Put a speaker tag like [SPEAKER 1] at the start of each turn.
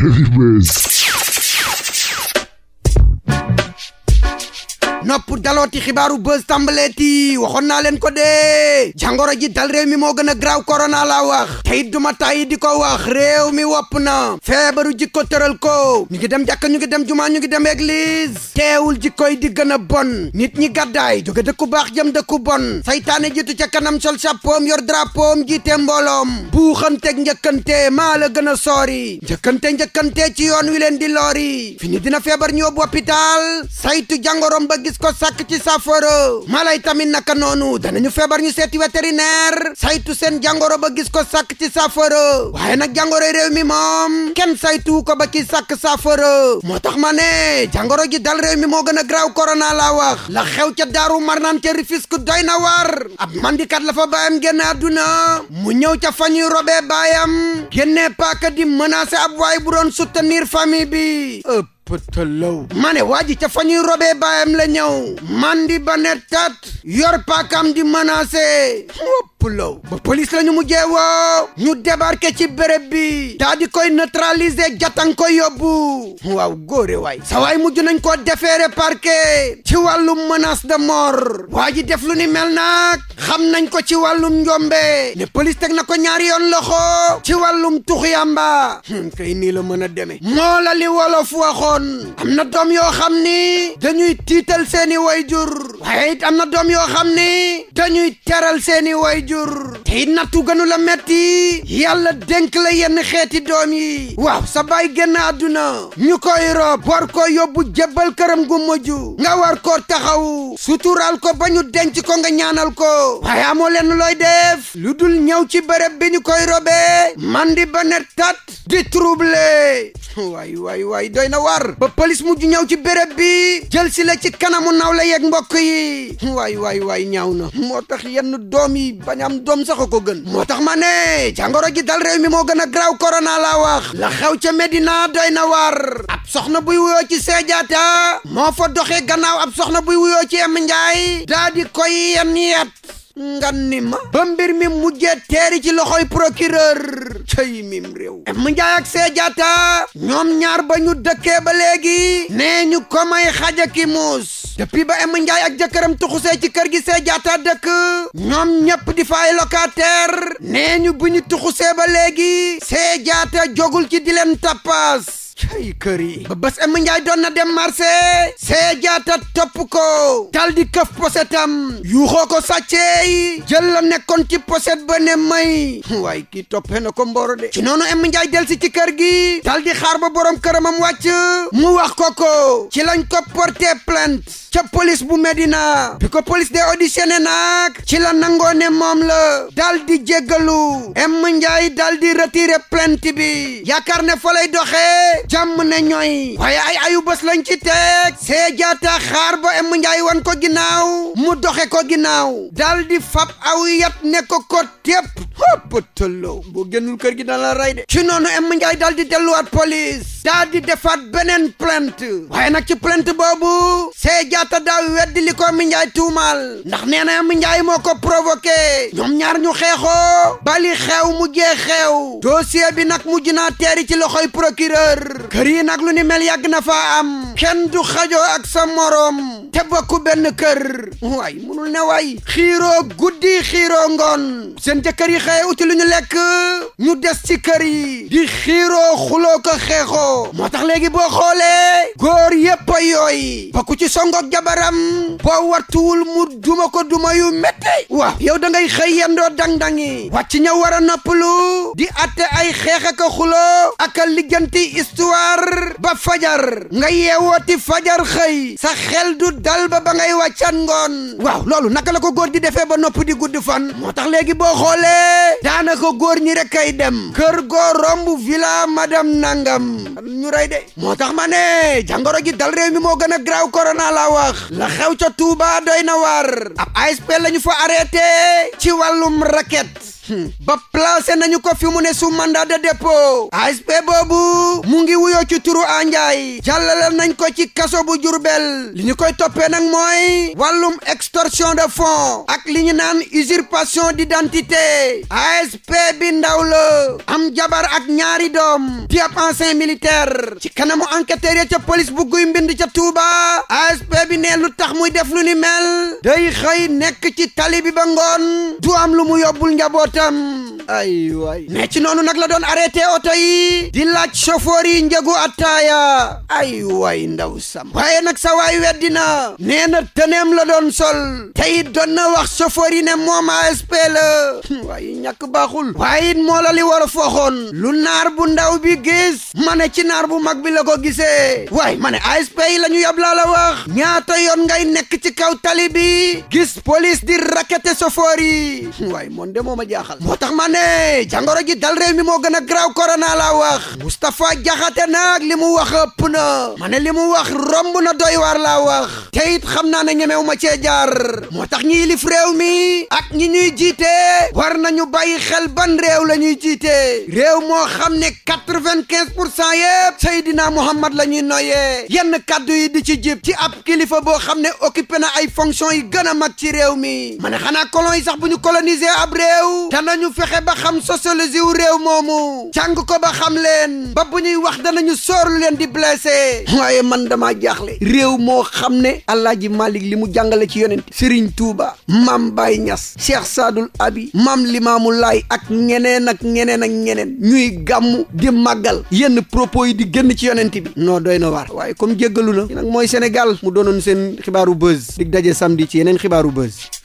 [SPEAKER 1] Heavyweight. nopp dalooti xibaaru buzz tàmbaleeti waxoon naa leen ko dee jàngoro ji dal réew mi moo gën a graaw korona la wax teyit duma tàyyi di ko wax réew mi wopp na feebaru jikko tëral ko ñu ngi dem jàkka ñu ngi dem jumaa ñu ngi dem église teewul jikko yi di gën a bon nit ñi gàddaay jóge dëkku baax jëm dëkku bon seytaane jiitu ca kanam sol chapeau yor drapeau jiite mbooloom buuxanteeg njëkkante maa la gën a soori njëkkante njëkkante ci yoon wi leen di loori fini dina des ko sàkk ci saafara mala tamit naka noonu danañu feebar ñu seeti vétérinaire saytu seen jàngoro ba gis ko sàkk ci saafara waaye nag jàngoro réew mi moom kenn saytu ko ba ci sàkk saafara moo tax ma ne jàngoro ji dal réew mi moo gën a graaw corona laa wax la xew ca daaru marnaan ca Rufisque doy na war ab mandikat la fa baayam génn àdduna mu ñëw ca fa ñuy robee baayam génnee paaka di menacer ab waay bu doon soutenir famille bi pëtëlëw ma ne waa ji ca fa ñuy robee baayam la ñëw man di ba ne tat yor paakam di menacé Pulow ba police la ñu mujjee woo ñu débarqué ci béréb bi daa di koy neutraliser jatan ko yóbbu waaw góore waay sa waay mujj nañ ko defeere parquet ci wàllum menace de mort waa ji def ni mel nag xam nañ ko ci wàllum njombe ne police teg na ko ñaari yoon loxo ci wàllum tux yamba kay nii la mën a demee moo la li wolof waxoon am na doom yoo xam ni dañuy tiital seeni wayjur waaye it am na doom yoo xam ni dañuy teral seeni wayjur jur tey nattu gënu la metti yàlla dénk la yenn xeeti doom yi waaw sa baay génn àdduna ñu koy rob war koo yóbbu jébbal këram gu mujj nga war koo taxaw suturaal ko ba ñu denc ko nga ñaanal ko waaye amoo leen looy def lu dul ñëw ci bërëb bi ñu koy robee mandi ba ne tat di trouble waay waay waay doy na war ba ñëw ci béréb bi jël si la ci kanamu naw la yeeg mbokk yi waay na moo tax yenn doom yi ba bañ doom sax ko gën moo tax ma ne jàngoro ji dal réew mi moo gën a graw korona laa wax la xew ca Medina doy na waar ab soxna buy wuyoo ci seejaata moo fa doxe gannaaw ab soxna buy wuyoo ci em njaay koy yenn yet nganni ma ba mbir mi mujjee teeri ci loxoy procureur cay mim réew mu njaay ak see ñoom ñaar ba ñu dëkkee ba léegi nee ñu ko may xaja ki muus depuis ba em njaay ak jëkkëram tuxusee ci kër gi see dëkk ñoom ñëpp di fa ay locataire nee ñu bu ñu tuxusee ba léegi see jaata jogul ci di leen tappaas cey kër yi ba bés am njaay doon na dem marché see jaata topp ko tal di këf posetam yuuxoo ko sàcceey jël la nekkoon ci poset ba ne may waaye kii toppee na ko mbooro de ci noonu am njaay del si ci kër gi daldi di xaar ba borom këramam wàcc mu wax ko ko ci lañ ko porté plainte ca police bu Medina bi ko police de auditionné nag ci la nangoo ne moom la dal di jéggalu am njaay dal di retiré bi yaakaar ne fa lay doxee jàmm ne ñooy waaye ay ayu bës lañ ci teg see jaata xaar ba em njaay wan ko ginnaaw mu doxe ko ginnaaw daldi di fab aw yat ne ko ko tépp hoppataloo boo génnul kër gi dana la rey de ci noonu em njaay dal di delluwaat police daa di defaat beneen plainte waaye nag ci plainte boobu see jaata daaw weddi li ko mi njaay tuumaal ndax nee na mi njaay moo ko provoqué ñoom ñaar ñu xeexoo bali mu mujjee xew dossier bi nag mujj naa teeri ci loxoy procureur kër kër yi nag lu ni mel yàgg na faa am kenn du xajoo ak sa morom te bokku benn kër waay munul ne waay xiiroo guddi xiiroo ngoon seen jëkkër yi xëye uti lu ñu lekk ñu des ci kër yi di xiiroo xuloo ko xeexoo moo tax léegi boo xoolee góor yépp yooyu bokku ci songoog jabaram boo wattuwul mu duma ko duma yu métti waaw yow da ngay xëy yendoo dang-dangi wàcc ña war a noppalu di atte ay xeex ak a xuloo ak ba fajar nga yeewu wati fajar xëy sa xel du dal ba ba ngay wàccan ngoon waaw loolu naka la ko góor di defee ba nopp di gudd fan moo tax léegi boo xoolee ko góor ñi rek kay dem kër goo romb wila madame nangam ñu rey de moo tax ma ne jàngoro dal réew mi moo gën a graaw corona la wax la xew ca tuuba doy na waar ab ASP la ñu fa arrêté ci wàllum raket ba placé nañu ko fi mu ne sous mandat de dépôt ASP boobu mu ngi wuyoo ci turu Anjaay jàllale nañ ko ci kaso bu Jurbel li ñu koy toppee nag mooy wàllum extorsion de fonds ak li ñu naan usurpation d'identité ASP bi ndaw la am jabar ak ñaari doom di ab ancien militaire ci kanamu enquêteur ya ca police bu guy mbind ca Touba ASP bi ne lu tax muy def lu ni mel day xëy nekk ci tali bi ba ngoon du am lu mu yóbbul njaboot itam ay waay ne ci noonu nag la doon arrêté oto yi di laaj chauffeur yi njëgu attaaya ay waay ndaw sam waaye nag sa waay weddina nee na tëneem la doon sol te it wax chauffeur yi ne moom ASP la hmm, waaye ñàkk baaxul waaye it moo la li war a fooxoon lu naar bu ndaw bi gis ma ci naar bu mag bi la ko gisee waaye ma ne ASP yi la ñu yab laa la wax ñaata yoon ngay nekk ci kaw tali bi gis police di rakkete chauffeur yi hmm, waaye de moo ma jaaxal moo tax ma ne jangoro ji dal réew mi moo gën a graw korona laa wax Moustapha Diakhaté nag li mu wax ëpp na ma ne li mu wax romb na doy waar laa wax te it xam naa ne ñemewu ma cee jaar moo tax ñi yilif réew mi ak ñi ñuy jiite war nañu bàyyi xel ban réew la ñuy jiite réew moo xam ne quatre-vingt-quinze pour cent yëpp Seydina Muhammad la ñuy noyee yenn kàddu yi di ci jib ci ab kilifa boo xam ne occupé na ay fonction yi gën a mag ci réew mi ma ne xanaa colon yi sax bu ñu coloniser ab réew danañu fexe ba xam sociologie wu réew moomu jàng ko ba xam leen ba bu ñuy wax danañu soorlu leen di blessé waaye man damaa jaaxle réew moo xam ne Alaaji Malik li mu jàngale ci yonent Serigne tuuba Maam Baye ñas Cheikh Sadul Abi Maam Limaamu Laay ak ñeneen ak ñeneen ak ñeneen ñuy gàmm di màggal yenn propos yi di génn ci yonent bi noo doy na waar waaye comme jéggalu na nag mooy Sénégal mu doonoon seen xibaaru buzz dig daje samedi ci yeneen xibaaru buzz